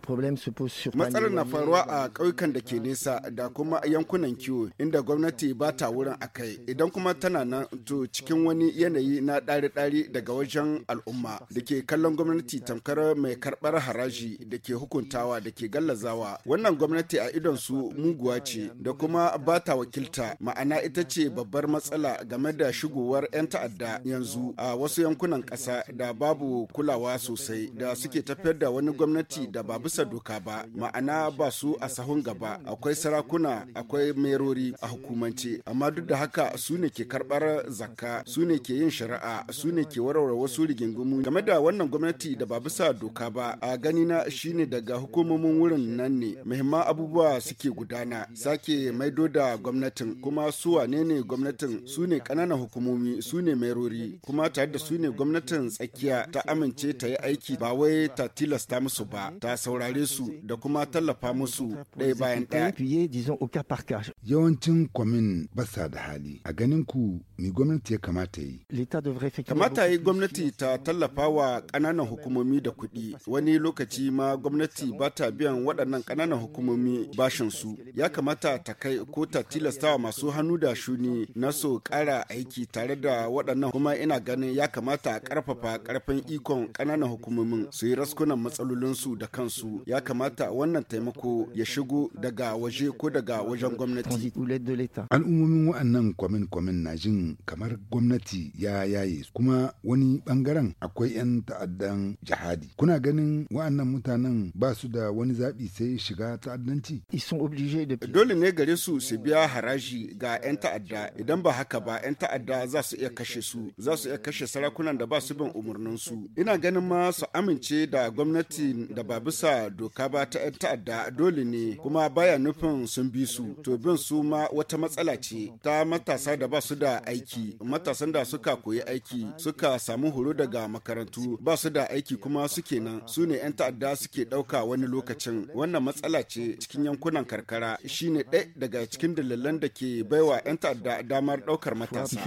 problem se pose sur Matsalar na faruwa a ƙauyukan da ke nesa da kuma yankunan kiwo inda gwamnati ba ta wurin akai idan kuma tana nan to cikin wani yanayi na ɗari-ɗari daga wajen al'umma da ke kallon gwamnati tamkar mai karɓar haraji da ke hukuntawa da ke gallazawa wannan gwamnati a idon su muguwa ce da kuma ba ta wakilta ma'ana ita ce babbar matsala game da shigowar 'yan ta'adda yanzu a wasu yankunan ƙasa da babu kulawa sosai da suke tafiyar da wani gwamnati da babu bisa doka ba ma'ana ba su a sahun gaba akwai sarakuna akwai merori a hukumance amma duk da haka su ne ke karbar zakka su ne ke yin shari'a su ne ke warware wasu rigingimu game da wannan gwamnati da ba bisa doka ba a gani na shine daga hukumomin wurin nan ne muhimman abubuwa suke gudana sake maido da gwamnatin kuma su wane ne gwamnatin su ne kananan hukumomi su ne merori kuma tare da su ne gwamnatin tsakiya ta amince ta yi aiki ba wai ta tilasta musu ba ta saura saurare su da kuma tallafa musu ɗaya bayan ɗaya. Yawancin kwamin ba da hali. A ganin ku mi gwamnati ya kamata yi? Kamata yi gwamnati ta tallafa wa ƙananan hukumomi da kuɗi. Wani lokaci ma gwamnati ba ta biyan waɗannan ƙananan hukumomi bashin su. Ya kamata ta kai ko ta tilastawa masu hannu da shuni na so ƙara aiki tare da waɗannan kuma ina ganin ya kamata a ƙarfafa ƙarfin ikon ƙananan hukumomin su yi raskunan matsalolinsu da kansu ya kamata wannan taimako ya shigo daga waje ko daga wajen gwamnati. Al'ummomin wa'annan kwamin-kwamin na jin kamar gwamnati ya yaye kuma wani bangaren akwai 'yan ta'addan jihadi. Kuna ganin wa'annan mutanen ba su da wani zaɓi sai shiga ta'addanci? Dole ne gare su su biya haraji ga 'yan ta'adda idan ba haka ba 'yan ta'adda za su iya kashe su za su iya kashe sarakunan da ba su bin su. Ina ganin ma su amince da gwamnati da ba bisa ba doka ba ta 'yan ta'adda dole ne kuma baya nufin sun bi su to bin su ma wata matsala ce ta matasa da ba su da aiki matasan da suka koyi aiki suka samu horo daga makarantu ba su da aiki kuma suke nan su ne 'yan ta'adda suke ɗauka wani lokacin wannan matsala ce cikin yankunan karkara shine ɗaya daga cikin dalilan da ke baiwa 'yan ta'adda damar ɗaukar matasa.